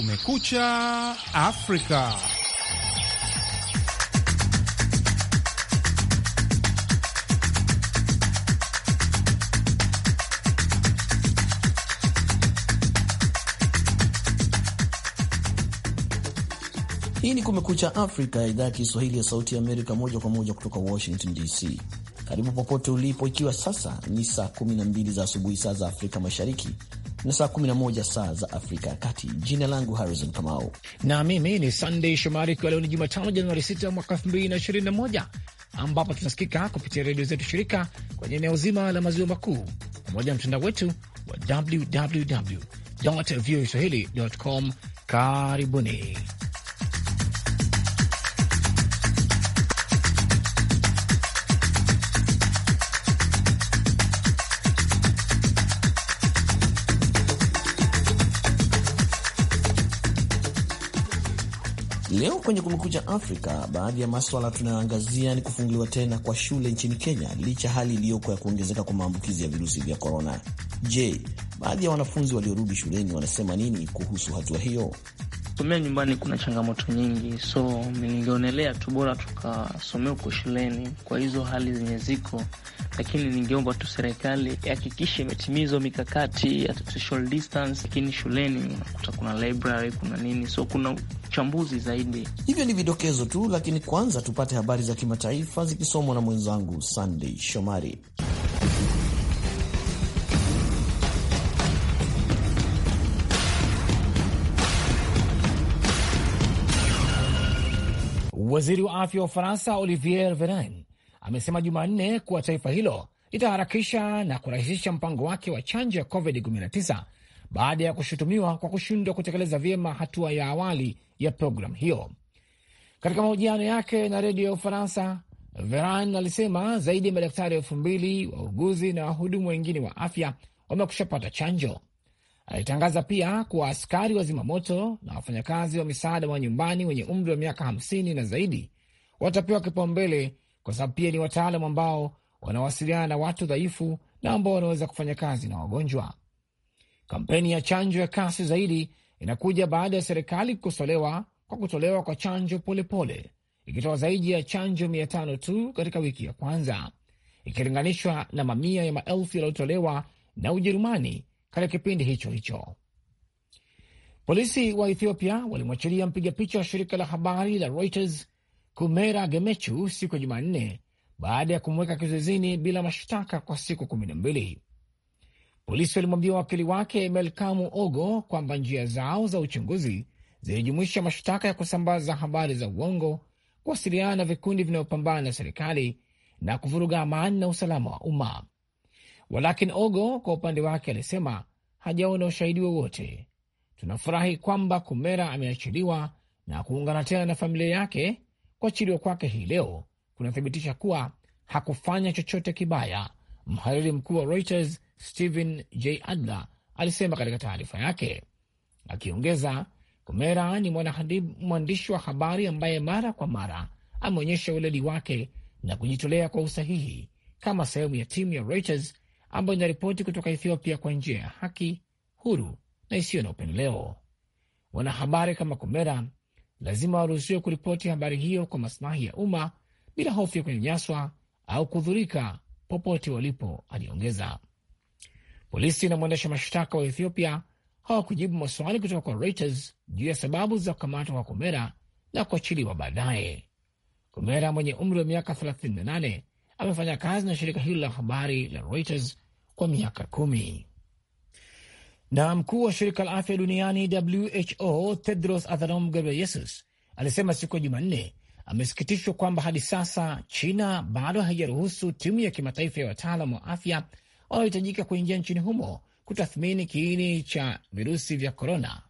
Kumekucha Afrika. Hii ni Kumekucha Afrika ya idhaa ya Kiswahili ya Sauti ya Amerika, moja kwa moja kutoka Washington DC. Karibu popote ulipo, ikiwa sasa ni saa 12 za asubuhi saa za Afrika Mashariki na saa 11 saa za Afrika ya Kati. Jina langu Harrison Kamau na mimi ni Sunday Shomari, ikiwa leo ni Jumatano Januari 6 mwaka 2021 ambapo tunasikika kupitia redio zetu shirika kwenye eneo zima la maziwa makuu pamoja na mtandao wetu wa www voa Karibuni. Leo kwenye Kumekucha Afrika, baadhi ya maswala tunayoangazia ni kufunguliwa tena kwa shule nchini Kenya licha hali iliyoko ya kuongezeka kwa maambukizi ya virusi vya korona. Je, baadhi ya wanafunzi waliorudi shuleni wanasema nini kuhusu hatua hiyo? Kusomea nyumbani kuna changamoto nyingi, so ningeonelea tu bora tukasomea huko shuleni kwa hizo hali zenye ziko lakini ningeomba tu serikali ihakikishe imetimizwa mikakati ya social distance, lakini shuleni unakuta kuna library, kuna nini, so kuna uchambuzi zaidi. Hivyo ni vidokezo tu, lakini kwanza tupate habari za kimataifa zikisomwa na mwenzangu Sunday Shomari. Waziri wa afya wa Ufaransa Olivier Veran amesema Jumanne kuwa taifa hilo litaharakisha na kurahisisha mpango wake wa chanjo ya COVID-19 baada ya kushutumiwa kwa kushindwa kutekeleza vyema hatua ya awali ya programu hiyo. Katika mahojiano yake na redio ya Ufaransa, Veran alisema zaidi ya madaktari elfu mbili wauguzi na wahudumu wengine wa afya wamekushapata chanjo. Alitangaza pia kuwa askari wa zimamoto na wafanyakazi wa misaada wa nyumbani wenye umri wa miaka hamsini na zaidi watapewa kipaumbele kwa sababu pia ni wataalam ambao wanawasiliana na watu dhaifu na ambao wanaweza kufanya kazi na wagonjwa. Kampeni ya chanjo ya kasi zaidi inakuja baada ya serikali kukosolewa kwa kutolewa kwa chanjo polepole, ikitoa zaidi ya chanjo mia tano tu katika wiki ya kwanza ikilinganishwa na mamia ya maelfu yaliyotolewa na Ujerumani katika kipindi hicho hicho. Polisi wa Ethiopia walimwachilia mpiga picha wa shirika la habari la Reuters Kumera Gemechu siku ya Jumanne baada ya kumweka kizuizini bila mashtaka kwa siku kumi na mbili. Polisi walimwambia wakili wake Melkamu Ogo kwamba njia zao za uchunguzi zilijumuisha mashtaka ya kusambaza habari za uongo, kuwasiliana na vikundi vinavyopambana na serikali na kuvuruga amani na usalama wa umma. Walakini Ogo kwa upande wake alisema hajaona ushahidi wowote. Tunafurahi kwamba Kumera ameachiliwa na kuungana tena na familia yake, Kuachiliwa kwake hii leo kunathibitisha kuwa hakufanya chochote kibaya, mhariri mkuu wa Reuters Stephen J Adler alisema katika taarifa yake, akiongeza Komera ni mwandishi wa habari ambaye mara kwa mara ameonyesha weledi wake na kujitolea kwa usahihi kama sehemu ya timu ya Reuters ambayo inaripoti kutoka Ethiopia kwa njia ya haki, huru na isiyo na upendeleo. Wanahabari kama Kumera lazima waruhusiwe kuripoti habari hiyo kwa masilahi ya umma bila hofu ya kunyanyaswa au kudhurika popote walipo, aliongeza. Polisi na mwendesha mashtaka wa Ethiopia hawakujibu maswali kutoka kwa Reuters juu ya sababu za kukamatwa kwa Komera na kuachiliwa baadaye. Komera mwenye umri wa miaka 38 amefanya kazi na shirika hilo la habari la Reuters kwa miaka kumi. Na mkuu wa shirika la afya duniani WHO Tedros Adhanom Ghebreyesus alisema siku ya Jumanne amesikitishwa kwamba hadi sasa China bado haijaruhusu timu ya kimataifa ya wataalam wa afya wanaohitajika kuingia nchini humo kutathmini kiini cha virusi vya korona.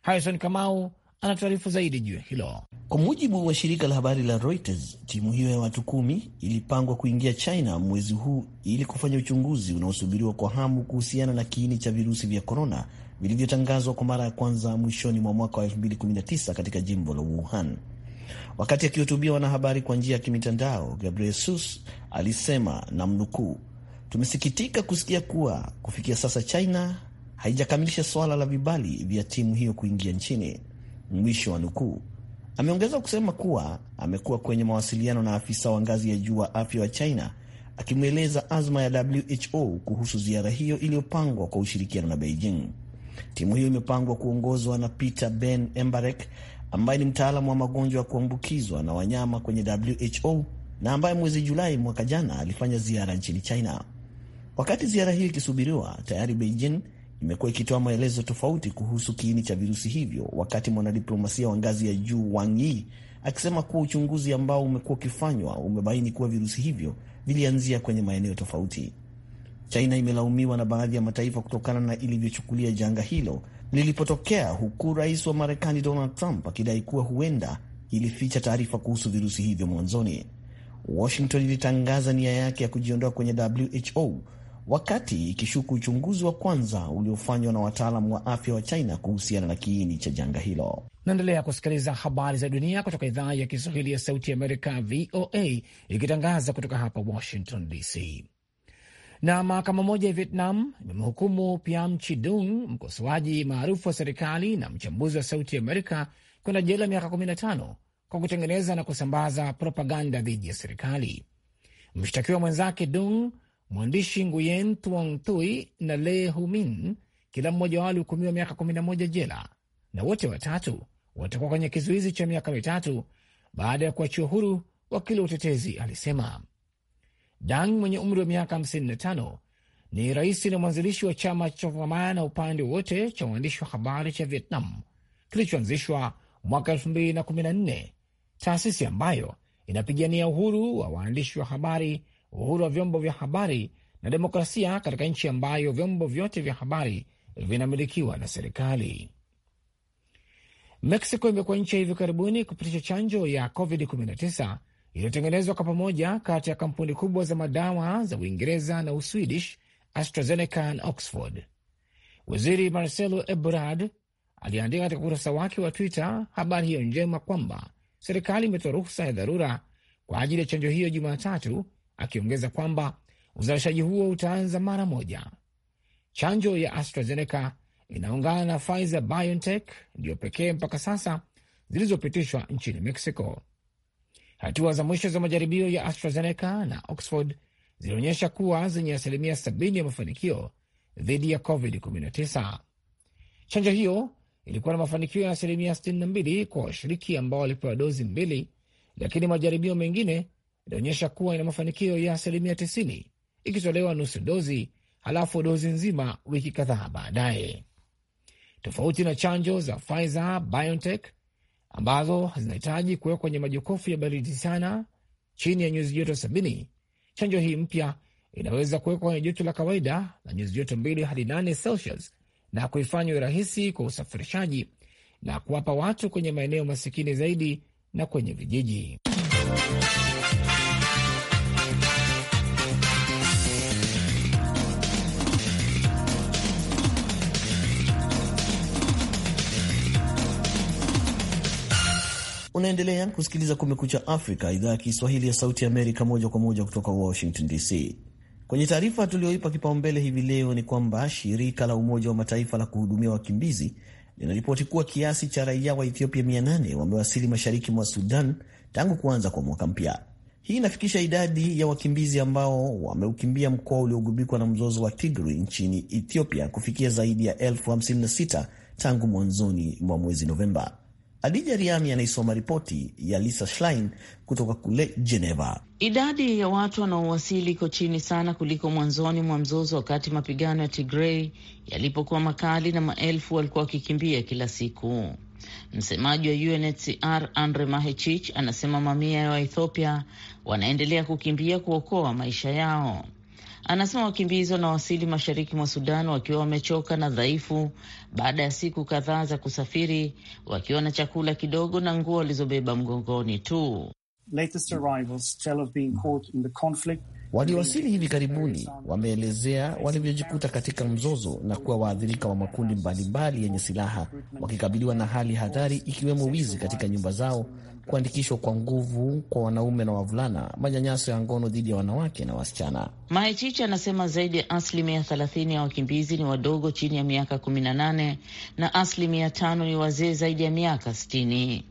Harrison Kamau anatuarifu zaidi juu ya hilo. Kwa mujibu wa shirika la habari la Reuters, timu hiyo ya watu kumi ilipangwa kuingia China mwezi huu ili kufanya uchunguzi unaosubiriwa kwa hamu kuhusiana na kiini cha virusi vya korona vilivyotangazwa kwa mara ya kwanza mwishoni mwa mwaka wa 2019 katika jimbo la Wuhan. Wakati akihutubia wanahabari kwa njia ya kimitandao, Gabriel Sus alisema namnukuu, tumesikitika kusikia kuwa kufikia sasa China haijakamilisha swala la vibali vya timu hiyo kuingia nchini mwisho wa nukuu. Ameongeza kusema kuwa amekuwa kwenye mawasiliano na afisa wa ngazi ya juu wa afya wa China akimweleza azma ya WHO kuhusu ziara hiyo iliyopangwa kwa ushirikiano na Beijing. Timu hiyo imepangwa kuongozwa na Peter Ben Embarek ambaye ni mtaalamu wa magonjwa ya kuambukizwa na wanyama kwenye WHO na ambaye mwezi Julai mwaka jana alifanya ziara nchini China. Wakati ziara hiyo ikisubiriwa, tayari Beijing imekuwa ikitoa maelezo tofauti kuhusu kiini cha virusi hivyo, wakati mwanadiplomasia wa ngazi ya juu Wang Yi akisema kuwa uchunguzi ambao umekuwa ukifanywa umebaini kuwa virusi hivyo vilianzia kwenye maeneo tofauti. China imelaumiwa na baadhi ya mataifa kutokana na ilivyochukulia janga hilo lilipotokea, huku rais wa Marekani Donald Trump akidai kuwa huenda ilificha taarifa kuhusu virusi hivyo mwanzoni. Washington ilitangaza nia yake ya kujiondoa kwenye WHO wakati ikishuku uchunguzi wa kwanza uliofanywa na wataalam wa afya wa China kuhusiana na kiini cha janga hilo. Naendelea kusikiliza habari za dunia kutoka idhaa ya Kiswahili ya Sauti Amerika, VOA, ikitangaza kutoka hapa Washington DC. Na mahakama moja ya Vietnam imemhukumu Piam Chidung, mkosoaji maarufu wa serikali na mchambuzi wa Sauti Amerika, kwenda jela miaka 15 kwa kutengeneza na kusambaza propaganda dhidi ya serikali. Mshtakiwa mwenzake Dung Mwandishi Nguyen Tuong Tui na Le Humin, kila mmoja wao alihukumiwa miaka 11 jela na wote watatu watakuwa kwenye kizuizi cha miaka mitatu baada ya kuachiwa huru, wakili wa utetezi alisema. Dang mwenye umri wa miaka 55 ni rais na mwanzilishi wa chama cha kupambana na upande wote cha waandishi wa habari cha Vietnam kilichoanzishwa mwaka 2014, taasisi ambayo inapigania uhuru wa waandishi wa habari uhuru wa vyombo vya habari na demokrasia katika nchi ambayo vyombo vyote vya habari vinamilikiwa na serikali. Mexico imekuwa nchi ya hivi karibuni kupitisha chanjo ya COVID-19 iliyotengenezwa kwa pamoja kati ya kampuni kubwa za madawa za Uingereza na Uswidish, AstraZeneca na Oxford. Waziri Marcelo Ebrard aliandika katika ukurasa wake wa Twitter habari hiyo njema kwamba serikali imetoa ruhusa ya dharura kwa ajili ya chanjo hiyo Jumatatu akiongeza kwamba uzalishaji huo utaanza mara moja. Chanjo ya AstraZeneca inaungana na Pfizer BioNTech ndiyo pekee mpaka sasa zilizopitishwa nchini Mexico. Hatua za mwisho za majaribio ya AstraZeneca na Oxford zilionyesha kuwa zenye asilimia 70 ya mafanikio dhidi ya COVID-19. Chanjo hiyo ilikuwa na mafanikio ya asilimia 62 kwa washiriki ambao walipewa dozi mbili, lakini majaribio mengine inaonyesha kuwa ina mafanikio ya asilimia 90 ikitolewa nusu dozi halafu dozi nzima wiki kadhaa baadaye, tofauti na chanjo za Pfizer BioNTech ambazo zinahitaji kuwekwa kwenye majokofu ya baridi sana chini ya nyuzi joto 70. Chanjo hii mpya inaweza kuwekwa kwenye joto la kawaida la nyuzi joto mbili hadi 8 Celsius na kuifanywa rahisi kwa usafirishaji na kuwapa watu kwenye maeneo masikini zaidi na kwenye vijiji Unaendelea kusikiliza Kumekucha Afrika, idhaa ya Kiswahili ya Sauti Amerika, moja kwa moja kutoka Washington DC. Kwenye taarifa tuliyoipa kipaumbele hivi leo ni kwamba shirika la Umoja wa Mataifa la kuhudumia wakimbizi linaripoti kuwa kiasi cha raia wa Ethiopia 800 wamewasili mashariki mwa Sudan tangu kuanza kwa mwaka mpya. Hii inafikisha idadi ya wakimbizi ambao wameukimbia mkoa uliogubikwa na mzozo wa Tigray nchini Ethiopia kufikia zaidi ya elfu 56 tangu mwanzoni mwa mwezi Novemba. Adija Riami anaisoma ripoti ya Lisa Schlein kutoka kule Geneva. Idadi ya watu wanaowasili iko chini sana kuliko mwanzoni mwa mzozo, wakati mapigano ya Tigrei yalipokuwa makali na maelfu walikuwa wakikimbia kila siku. Msemaji wa UNHCR Andre Mahechich anasema mamia ya Waethiopia wanaendelea kukimbia kuokoa maisha yao. Anasema wakimbizi wanawasili mashariki mwa Sudan wakiwa wamechoka na dhaifu baada ya siku kadhaa za kusafiri, wakiwa na chakula kidogo na nguo walizobeba mgongoni tu. Waliowasili hivi karibuni wameelezea walivyojikuta katika mzozo na kuwa waathirika wa makundi mbalimbali yenye silaha, wakikabiliwa na hali hatari ikiwemo wizi katika nyumba zao, kuandikishwa kwa nguvu kwa wanaume na wavulana, manyanyaso ya ngono dhidi ya wanawake na wasichana. maechichi anasema zaidi ya asilimia 30 ya wakimbizi ni wadogo chini ya miaka 18 na asilimia tano ni wazee zaidi ya miaka 60.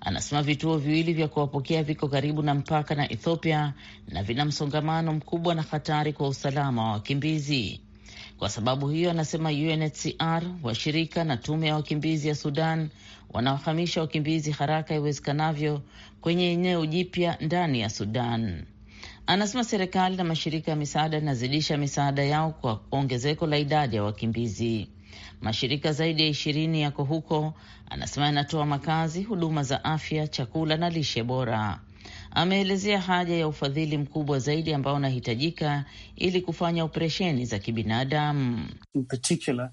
Anasema vituo viwili vya kuwapokea viko karibu na mpaka na Ethiopia na vina msongamano mkubwa na hatari kwa usalama wa wakimbizi. Kwa sababu hiyo, anasema UNHCR, washirika na tume ya wakimbizi ya Sudan wanawahamisha wakimbizi haraka iwezekanavyo kwenye eneo jipya ndani ya Sudan. Anasema serikali na mashirika ya misaada yanazidisha misaada yao kwa ongezeko la idadi ya wakimbizi. Mashirika zaidi ya ishirini yako huko, anasema yanatoa makazi, huduma za afya, chakula na lishe bora ameelezea haja ya ufadhili mkubwa zaidi ambao unahitajika ili kufanya operesheni za kibinadamu In particular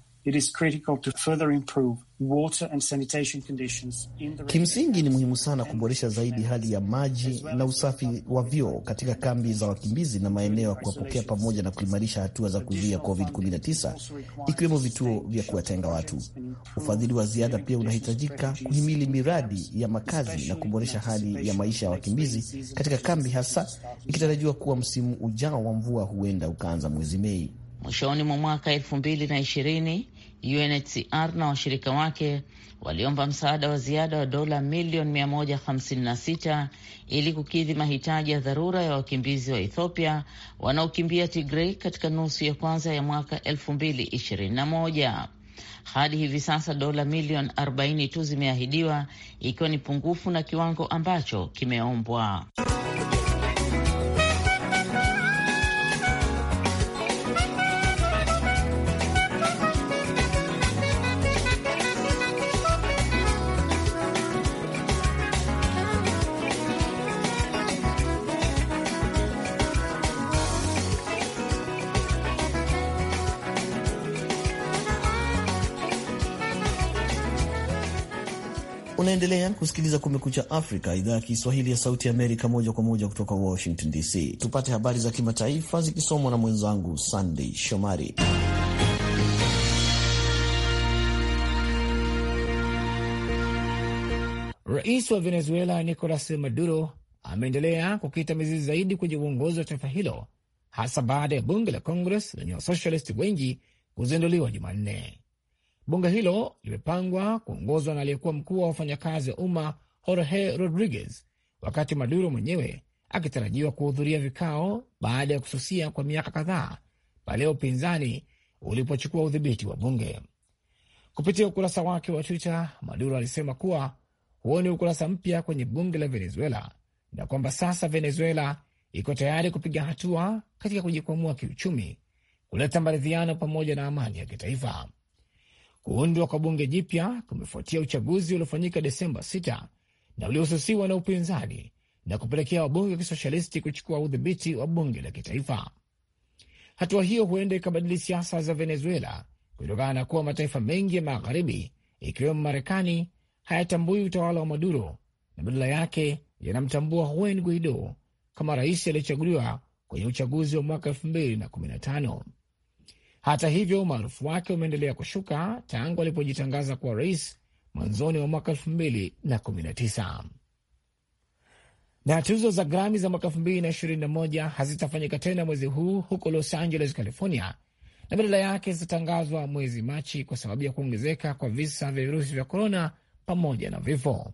Kimsingi ni muhimu sana kuboresha zaidi hali ya maji na usafi wa vyoo katika kambi za wakimbizi na maeneo ya kuwapokea pamoja na kuimarisha hatua za kuzuia COVID-19 ikiwemo vituo vya kuwatenga watu. Ufadhili wa ziada pia unahitajika kuhimili miradi ya makazi na kuboresha hali ya maisha ya wakimbizi katika kambi, hasa ikitarajiwa kuwa msimu ujao wa mvua huenda ukaanza mwezi Mei. Mwishoni mwa mwaka elfu mbili na ishirini, UNHCR na washirika wake waliomba msaada wa ziada wa dola milioni 156 ili kukidhi mahitaji ya dharura ya wakimbizi wa Ethiopia wanaokimbia Tigrei katika nusu ya kwanza ya mwaka 2021. Hadi hivi sasa dola milioni 40 tu zimeahidiwa ikiwa ni pungufu na kiwango ambacho kimeombwa. unasikiliza Kumekucha Afrika, idhaa ya Kiswahili ya Sauti Amerika, moja kwa moja kutoka Washington DC. Tupate habari za kimataifa zikisomwa na mwenzangu Sandey Shomari. Rais wa Venezuela Nicolas Maduro ameendelea kukita mizizi zaidi kwenye uongozi wa taifa hilo hasa baada ya bunge la Congress lenye wasocialisti wengi kuzinduliwa Jumanne. Bunge hilo limepangwa kuongozwa na aliyekuwa mkuu wa wafanyakazi wa umma Jorge Rodriguez, wakati Maduro mwenyewe akitarajiwa kuhudhuria vikao baada ya kususia kwa miaka kadhaa pale upinzani ulipochukua udhibiti wa bunge. Kupitia ukurasa wake wa Twitter, Maduro alisema kuwa huo ni ukurasa mpya kwenye bunge la Venezuela na kwamba sasa Venezuela iko tayari kupiga hatua katika kujikwamua kiuchumi, kuleta maridhiano pamoja na amani ya kitaifa. Kuundwa kwa bunge jipya kumefuatia uchaguzi uliofanyika Desemba 6 na uliohususiwa na upinzani na kupelekea wabunge wa kisoshalisti kuchukua udhibiti wa bunge la kitaifa. Hatua hiyo huenda ikabadili siasa za Venezuela kutokana na kuwa mataifa mengi ya magharibi ikiwemo Marekani hayatambui utawala wa Maduro na badala yake yanamtambua Juan Guaido kama rais aliyechaguliwa kwenye uchaguzi wa mwaka elfu mbili na kumi na tano. Hata hivyo, umaarufu wake umeendelea kushuka tangu alipojitangaza kuwa rais mwanzoni mwa mwaka elfu mbili na kumi na tisa. Na tuzo za Grami za mwaka elfu mbili na ishirini na moja hazitafanyika tena mwezi huu huko Los Angeles, California, na badala yake zitatangazwa mwezi Machi kwa sababu ya kuongezeka kwa visa vya virusi vya korona pamoja na vifo.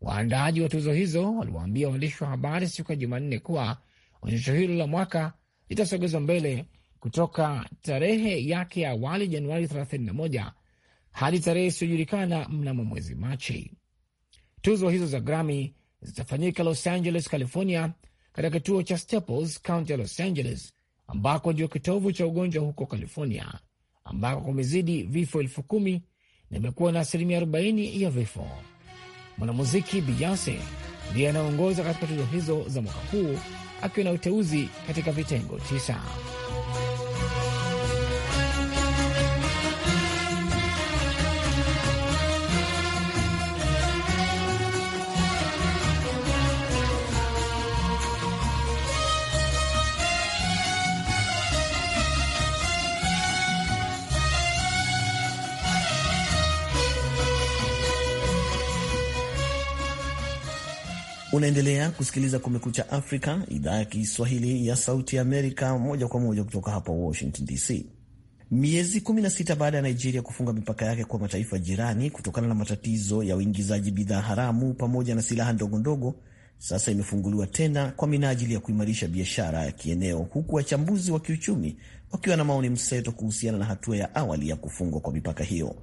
Waandaaji wa tuzo hizo waliwaambia waandishi wa habari siku ya Jumanne kuwa onyesho hilo la mwaka litasogezwa mbele kutoka tarehe yake ya awali Januari 31 hadi tarehe isiyojulikana mnamo mwezi Machi. Tuzo hizo za Grammy zitafanyika Los Angeles, California, katika kituo cha Staples, kaunti ya Los Angeles, ambako ndio kitovu cha ugonjwa huko California, ambako kumezidi vifo elfu kumi na imekuwa na asilimia 40 ya vifo. Mwanamuziki Beyonce ndiye anaongoza katika tuzo hizo za mwaka huu akiwa na uteuzi katika vitengo tisa. Unaendelea kusikiliza Kumekucha Afrika, idhaa ya Kiswahili ya Sauti ya Amerika, moja kwa moja kutoka hapa Washington DC. Miezi 16 baada ya Nigeria kufunga mipaka yake kwa mataifa jirani kutokana na matatizo ya uingizaji bidhaa haramu pamoja na silaha ndogo ndogo, sasa imefunguliwa tena kwa minajili ya kuimarisha biashara ya kieneo, huku wachambuzi wa kiuchumi wakiwa na maoni mseto kuhusiana na hatua ya awali ya kufungwa kwa mipaka hiyo.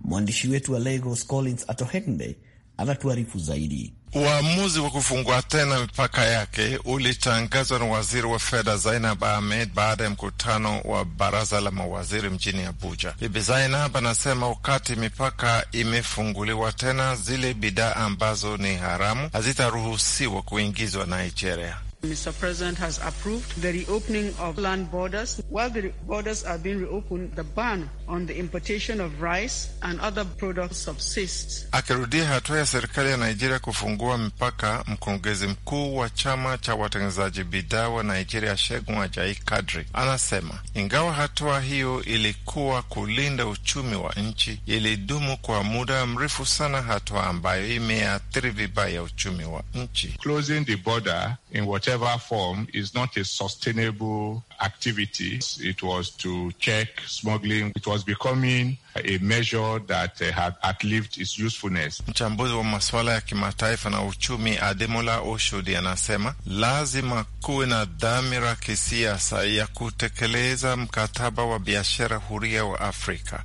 Mwandishi wetu wa Lagos Collins Atohenbe anatuarifu zaidi. Uamuzi wa kufungua tena mipaka yake ulitangazwa na waziri wa fedha Zainab Ahmed baada ya mkutano wa baraza la mawaziri mjini Abuja. Bibi Zainab anasema wakati mipaka imefunguliwa tena, zile bidhaa ambazo ni haramu hazitaruhusiwa kuingizwa Nigeria. Mr. President has approved the reopening of land borders. While the borders are being reopened, the ban on the importation of rice and other products subsists. Akirudia hatua ya serikali ya Nigeria kufungua mpaka, mkurugenzi mkuu wa chama cha watengenezaji bidhaa wa Nigeria Shegun Ajayi Kadri anasema ingawa hatua hiyo ilikuwa kulinda uchumi wa nchi, ilidumu kwa muda mrefu sana, hatua ambayo imeathiri vibaya uchumi wa nchi. Closing the border in whatever form is not a sustainable activity. It was to check smuggling. It was becoming a measure that uh, had outlived its usefulness. Mchambuzi wa masuala ya kimataifa na uchumi Ademola Oshodi anasema lazima kuwe na dhamira kisiasa ya kutekeleza mkataba wa biashara huria wa Afrika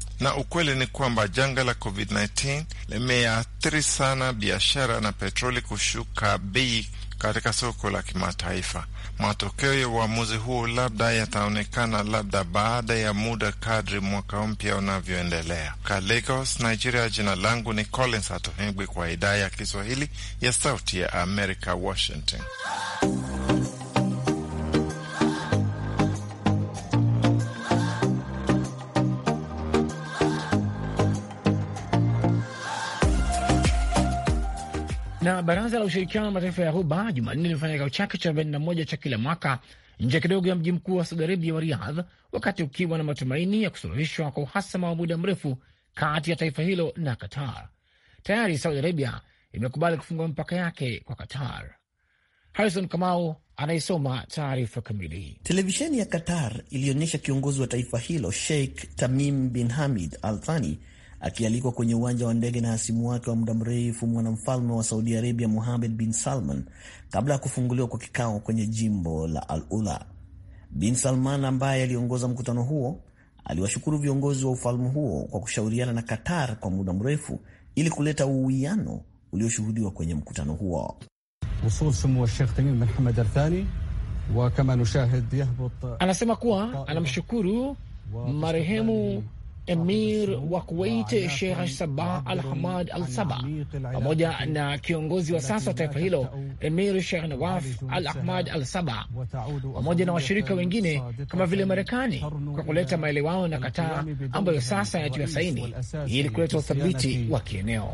na ukweli ni kwamba janga la COVID-19 limeathiri sana biashara na petroli kushuka bei katika soko la kimataifa. Matokeo ya uamuzi huo labda yataonekana labda baada ya muda kadri mwaka mpya unavyoendelea. Ka Lagos, Nigeria, jina langu ni Collins Atohengwi kwa idhaa ya Kiswahili ya Sauti ya America, Washington. Na baraza la ushirikiano wa mataifa ya Ghuba Jumanne limefanya kikao chake cha 41 cha kila mwaka nje kidogo ya mji mkuu wa Saudi Arabia wa Riyadh, wakati ukiwa na matumaini ya kusuluhishwa kwa uhasama wa muda mrefu kati ya taifa hilo na Qatar. Tayari Saudi Arabia imekubali kufungua mipaka yake kwa Qatar. Harrison Kamau anaisoma taarifa kamili. Televisheni ya Qatar ilionyesha kiongozi wa taifa hilo Sheikh Tamim bin Hamid Al Thani Akialikwa kwenye uwanja wa ndege na hasimu wake wa muda mrefu mwanamfalme wa Saudi Arabia Muhamed bin Salman kabla ya kufunguliwa kwa kikao kwenye jimbo la Al Ula. Bin Salman ambaye aliongoza mkutano huo aliwashukuru viongozi wa ufalme huo kwa kushauriana na Qatar kwa muda mrefu ili kuleta uwiano ulioshuhudiwa kwenye mkutano huo. Anasema kuwa anamshukuru marehemu Emir wa Kuwait Sheikh Sabah Al Hamad Al Saba pamoja na kiongozi wa sasa wa taifa hilo Emir Sheikh Nawaf Al Ahmad Al Saba pamoja na washirika wengine kama vile Marekani kwa kuleta maelewano na Kataa ambayo sasa yatiwa saini ili kuleta uthabiti wa kieneo.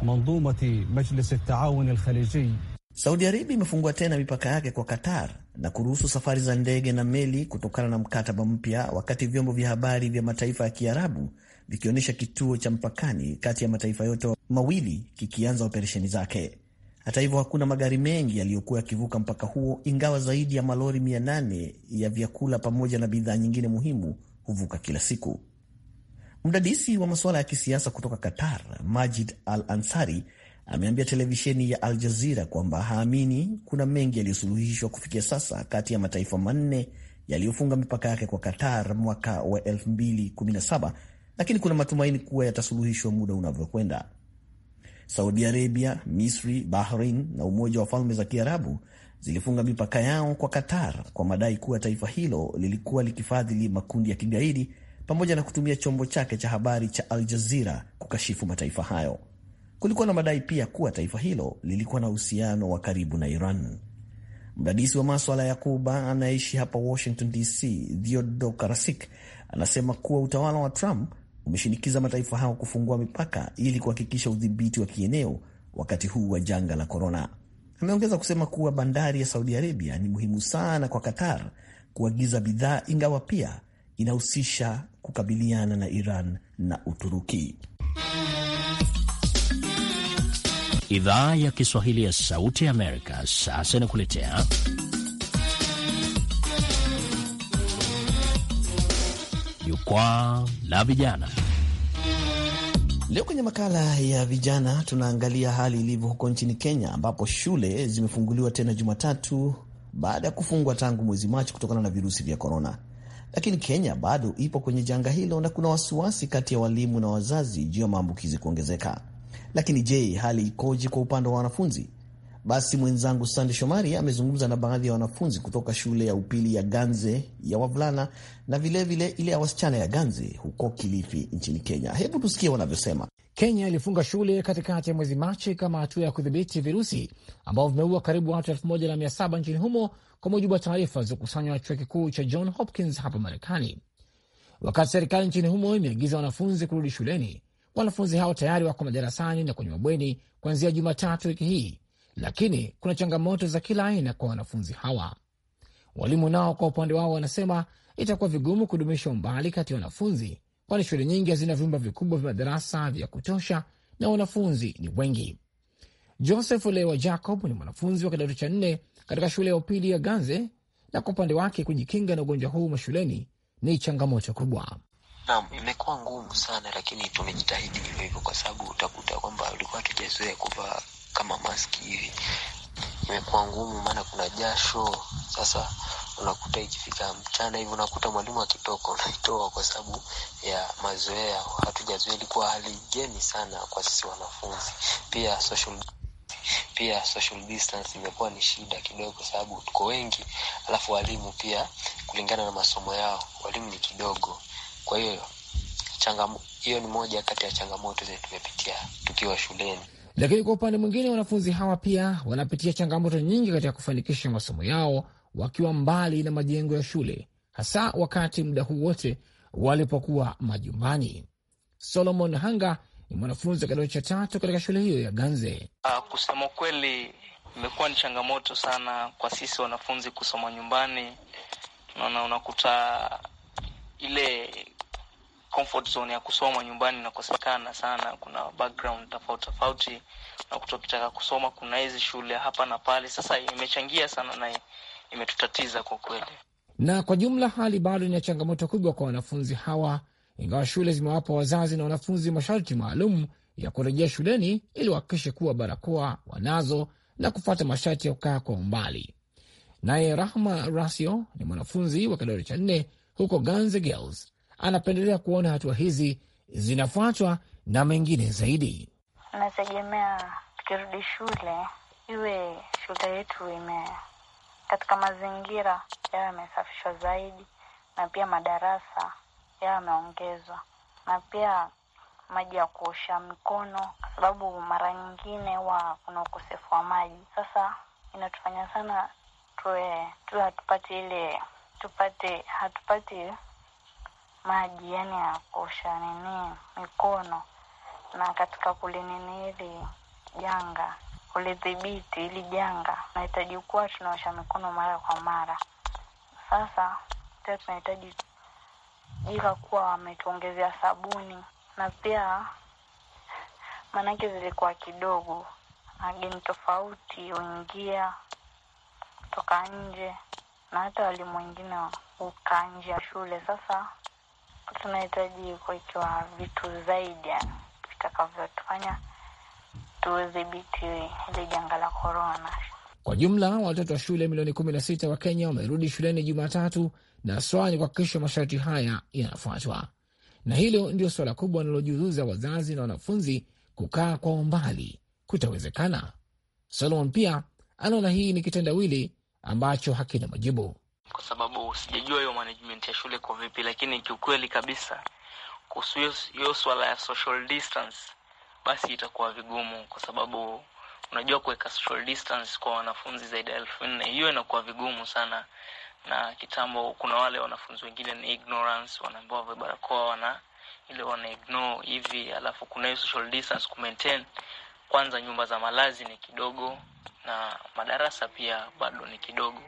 Saudi Arabia imefungua tena mipaka yake kwa Qatar na kuruhusu safari za ndege na meli kutokana na mkataba mpya, wakati vyombo vya habari vya mataifa ya Kiarabu vikionyesha kituo cha mpakani kati ya mataifa yote mawili kikianza operesheni zake. Hata hivyo, hakuna magari mengi yaliyokuwa yakivuka mpaka huo, ingawa zaidi ya malori 800 ya vyakula pamoja na bidhaa nyingine muhimu huvuka kila siku. Mdadisi wa masuala ya kisiasa kutoka Qatar, Majid Al Ansari, ameambia televisheni ya Al Jazira kwamba haamini kuna mengi yaliyosuluhishwa kufikia sasa kati ya mataifa manne yaliyofunga mipaka yake kwa Qatar mwaka wa 2017 lakini kuna matumaini kuwa yatasuluhishwa muda unavyokwenda. Saudi Arabia, Misri, Bahrain na Umoja wa Falme za Kiarabu zilifunga mipaka yao kwa Qatar kwa madai kuwa taifa hilo lilikuwa likifadhili makundi ya kigaidi pamoja na kutumia chombo chake cha habari cha Al Jazira kukashifu mataifa hayo. Kulikuwa na madai pia kuwa taifa hilo lilikuwa na uhusiano wa karibu na Iran. Mdadisi wa maswala ya Kuba anayeishi hapa Washington DC, Theodor Karasik anasema kuwa utawala wa Trump umeshinikiza mataifa hayo kufungua mipaka ili kuhakikisha udhibiti wa kieneo wakati huu wa janga la korona. Ameongeza kusema kuwa bandari ya Saudi Arabia ni muhimu sana kwa Qatar kuagiza bidhaa, ingawa pia inahusisha kukabiliana na Iran na Uturuki. Idhaa ya Kiswahili ya Sauti ya Amerika sasa inakuletea jukwaa la vijana. Leo kwenye makala ya vijana tunaangalia hali ilivyo huko nchini Kenya, ambapo shule zimefunguliwa tena Jumatatu baada ya kufungwa tangu mwezi Machi kutokana na virusi vya korona. Lakini Kenya bado ipo kwenye janga hilo na kuna wasiwasi kati ya walimu na wazazi juu ya maambukizi kuongezeka. Lakini je, hali ikoje kwa upande wa wanafunzi? Basi mwenzangu Sande Shomari amezungumza na baadhi ya wanafunzi kutoka shule ya upili ya Ganze ya wavulana na vilevile vile ile ya wasichana ya Ganze huko Kilifi nchini Kenya. Hebu tusikie wanavyosema. Kenya ilifunga shule katikati ya mwezi Machi kama hatua ya kudhibiti virusi ambavyo vimeua karibu watu elfu moja na mia saba nchini humo, kwa mujibu wa taarifa zilizokusanywa na chuo kikuu cha John Hopkins hapa Marekani. Wakati serikali nchini humo imeagiza wanafunzi kurudi shuleni, wanafunzi hao tayari wako madarasani na kwenye mabweni kuanzia Jumatatu wiki hii lakini kuna changamoto za kila aina kwa wanafunzi hawa. Walimu nao kwa upande wao wanasema itakuwa vigumu kudumisha umbali kati ya wanafunzi, kwani shule nyingi hazina vyumba vikubwa vya madarasa vya kutosha na wanafunzi ni wengi. Joseph Lewa Jacob ni mwanafunzi wa kidato cha nne katika shule ya upili ya Ganze, na kwa upande wake kujikinga na ugonjwa huu mashuleni ni changamoto kubwa. Naam, imekuwa ngumu sana, lakini tumejitahidi hivyo hivyo, kwa sababu utakuta kwamba ulikuwa tujazoea kuvaa kama maski hivi, imekuwa ngumu, maana kuna jasho. Sasa unakuta ikifika mchana hivi unakuta mwalimu akitoka unaitoa kwa sababu ya mazoea, hatujazoea. Ilikuwa hali geni sana kwa sisi wanafunzi. Pia social pia social distance imekuwa ni shida kidogo, kwa sababu tuko wengi, alafu walimu pia kulingana na masomo yao walimu ni kidogo. Kwa hiyo hiyo ni moja kati ya changamoto zetu tumepitia tukiwa shuleni. Lakini kwa upande mwingine, wanafunzi hawa pia wanapitia changamoto nyingi katika kufanikisha masomo yao wakiwa mbali na majengo ya shule, hasa wakati muda huu wote walipokuwa majumbani. Solomon Hanga ni mwanafunzi wa kidato cha tatu katika shule hiyo ya Ganze. Uh, kusema kweli imekuwa ni changamoto sana kwa sisi wanafunzi kusoma nyumbani. Unaona, unakuta ile comfort zone ya kusoma nyumbani inakosekana sana. Kuna background tofauti tofauti na kutokitaka kusoma, kuna hizi shule hapa na pale. Sasa imechangia sana na imetutatiza kwa kweli, na kwa jumla hali bado ina changamoto kubwa kwa wanafunzi hawa, ingawa shule zimewapa wazazi na wanafunzi masharti maalum ya kurejea shuleni ili wahakikishe kuwa barakoa wanazo na kufuata masharti ya kukaa kwa umbali. Naye Rahma Rasio ni mwanafunzi wa kidato cha nne huko Ganze Girls anapendelea kuona hatua hizi zinafuatwa na mengine zaidi. Nategemea tukirudi shule iwe shule yetu ime katika mazingira yayo yamesafishwa zaidi, na pia madarasa yayo yameongezwa, na pia maji ya kuosha mikono, kwa sababu mara nyingine huwa kuna ukosefu wa maji. Sasa inatufanya sana tuwe tuwe hatupati ile tupate hatupati maji yani ya kuosha nini mikono, na katika kulinini hili janga kulidhibiti hili janga, nahitaji kuwa tunaosha mikono mara kwa mara. Sasa pia tunahitaji jika kuwa wametuongezea sabuni, na pia maanake zilikuwa kidogo, wageni tofauti huingia kutoka nje, na hata walimu wengine hukaa nje ya shule sasa tunahitaji kuwekewa vitu zaidi vitakavyotufanya tuwedhibiti hili janga la korona. Kwa jumla watoto wa shule milioni kumi na sita wa Kenya wamerudi shuleni Jumatatu, na swala ni kuhakikisha masharti haya yanafuatwa, na hilo ndio suala kubwa linalojiuliza wazazi na wanafunzi. Kukaa kwa umbali kutawezekana? Solomon pia anaona hii ni kitendawili ambacho hakina majibu kwa sababu sijajua hiyo management ya shule kwa vipi, lakini kiukweli kabisa kuhusu hiyo swala ya social distance, basi itakuwa vigumu kwa sababu unajua kuweka social distance kwa wanafunzi zaidi ya elfu nne hiyo inakuwa vigumu sana. Na kitambo kuna wale wanafunzi wengine ni ignorance, wanaambiwa wavae barakoa, wana ile wana ignore hivi, alafu kuna hiyo social distance ku maintain. Kwanza nyumba za malazi ni kidogo na madarasa pia bado ni kidogo.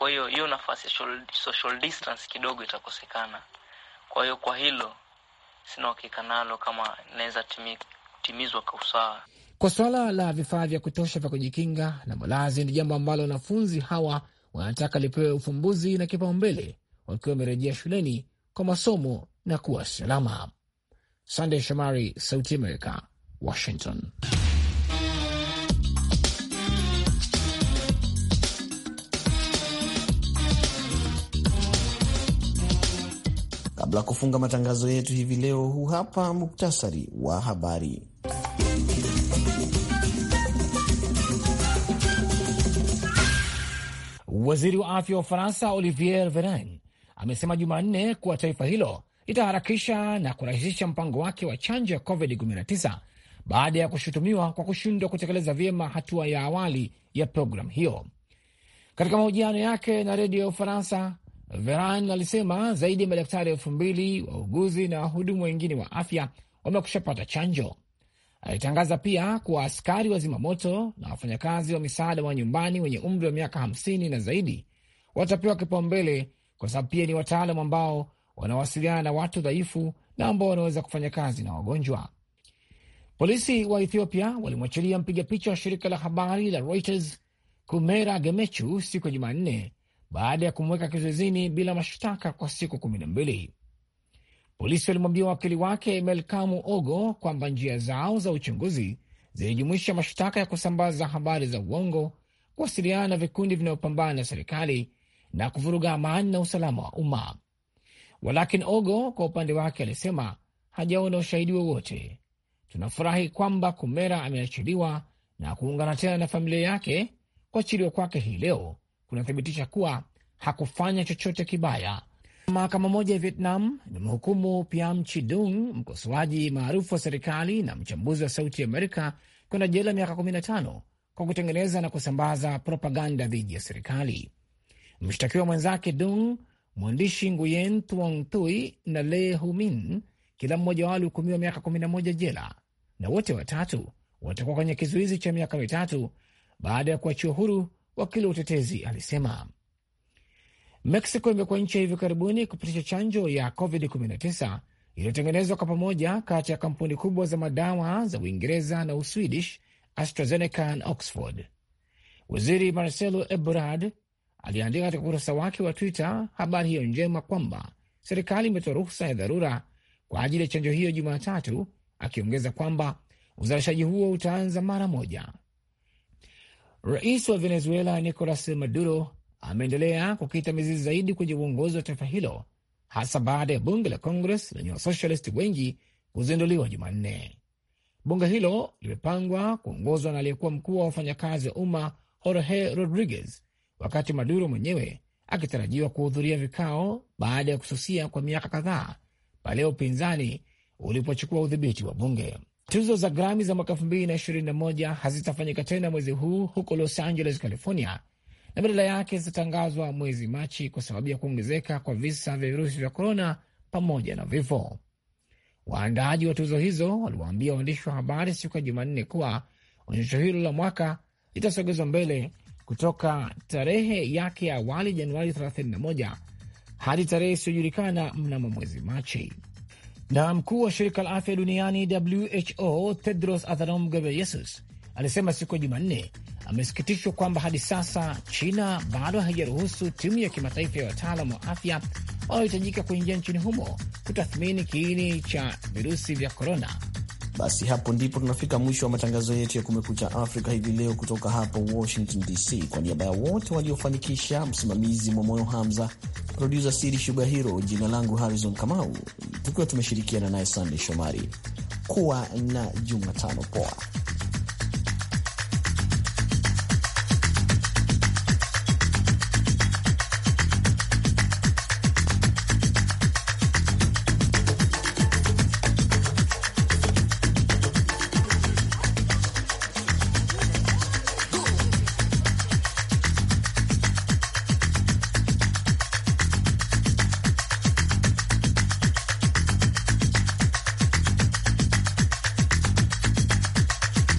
Kwa hiyo hiyo nafasi ya social, distance kidogo itakosekana. Kwa hiyo kwa hilo sina uhakika nalo kama inaweza timizwa kwa usawa. Kwa suala la vifaa vya kutosha vya kujikinga na malazi, ni jambo ambalo wanafunzi hawa wanataka lipewe ufumbuzi na kipaumbele wakiwa wamerejea shuleni kwa masomo na kuwa salama. Sandey Shomari, Sauti Amerika, Washington. Kabla ya kufunga matangazo yetu hivi leo, huu hapa muktasari wa habari. Waziri wa afya wa Ufaransa Olivier Veran amesema Jumanne kuwa taifa hilo litaharakisha na kurahisisha mpango wake wa chanjo ya COVID-19 baada ya kushutumiwa kwa kushindwa kutekeleza vyema hatua ya awali ya programu hiyo. Katika mahojiano yake na redio ya Ufaransa, Veran alisema zaidi ya madaktari elfu mbili wauguzi na wahudumu wengine wa afya wamekushapata chanjo. Alitangaza pia kuwa askari wa zimamoto na wafanyakazi wa misaada wa nyumbani wenye umri wa miaka hamsini na zaidi watapewa kipaumbele, kwa sababu pia ni wataalam ambao wanawasiliana na watu dhaifu na ambao wanaweza kufanya kazi na wagonjwa. Polisi wa Ethiopia walimwachilia mpiga picha wa shirika la habari la Reuters Kumera Gemechu siku ya Jumanne baada ya kumweka kizuizini bila mashtaka kwa siku kumi na mbili. Polisi walimwambia wakili wake Melkamu Ogo kwamba njia zao za uchunguzi zilijumuisha mashtaka ya kusambaza habari za uongo, kuwasiliana na vikundi vinavyopambana na serikali na kuvuruga amani na usalama wa umma. walakin Ogo kwa upande wake alisema hajaona ushahidi wowote. Tunafurahi kwamba Kumera ameachiliwa na kuungana tena na familia yake. Kuachiliwa kwake hii leo kunathibitisha kuwa hakufanya chochote kibaya. Mahakama moja ya Vietnam imemhukumu Pham Chi Dung, mkosoaji maarufu wa serikali na mchambuzi wa Sauti Amerika, kwenda jela miaka 15 kwa kutengeneza na kusambaza propaganda dhidi ya serikali. Mshtakiwa mwenzake Dung, mwandishi Nguyen Tuong Tui na Le Humin, kila mmoja wao alihukumiwa miaka 11 jela, na wote watatu watakuwa kwenye kizuizi cha miaka mitatu baada ya kuachiwa huru wakili wa utetezi alisema. Mexico imekuwa nchi ya hivi karibuni kupitisha chanjo ya COVID-19 iliyotengenezwa kwa pamoja kati ya kampuni kubwa za madawa za Uingereza na Uswidish, AstraZeneca na Oxford. Waziri Marcelo Ebrard aliandika katika ukurasa wake wa Twitter habari hiyo njema kwamba serikali imetoa ruhusa ya dharura kwa ajili ya chanjo hiyo Jumatatu, akiongeza kwamba uzalishaji huo utaanza mara moja. Rais wa Venezuela Nicolas Maduro ameendelea kukita mizizi zaidi kwenye uongozi wa taifa hilo hasa baada ya bunge la Kongres lenye wasoshalisti wengi kuzinduliwa Jumanne. Bunge hilo limepangwa kuongozwa na aliyekuwa mkuu wa wafanyakazi wa umma Jorge Rodriguez, wakati Maduro mwenyewe akitarajiwa kuhudhuria vikao baada ya kususia kwa miaka kadhaa pale upinzani ulipochukua udhibiti wa bunge. Tuzo za Grami za mwaka 2021 hazitafanyika tena mwezi huu huko Los Angeles, California, na badala yake zitatangazwa mwezi Machi kwa sababu ya kuongezeka kwa visa vya virusi vya korona pamoja na vifo. Waandaaji wa tuzo hizo waliwaambia waandishi wa habari siku ya Jumanne kuwa onyesho hilo la mwaka litasogezwa mbele kutoka tarehe yake ya awali Januari 31 hadi tarehe isiyojulikana mnamo mwezi Machi. Na mkuu wa shirika la afya duniani WHO Tedros Adhanom Ghebreyesus alisema siku ya Jumanne amesikitishwa kwamba hadi sasa China bado haijaruhusu timu ya kimataifa ya wataalam wa afya wanaohitajika kuingia nchini humo kutathmini kiini cha virusi vya korona basi hapo ndipo tunafika mwisho wa matangazo yetu ya Kumekucha Afrika hivi leo, kutoka hapo Washington DC. Kwa niaba ya wote waliofanikisha, msimamizi Mwamoyo Hamza, produsa Siri Shuga Hiro, jina langu Harrison Kamau, tukiwa tumeshirikiana naye Sandey Shomari. Kuwa na Jumatano poa.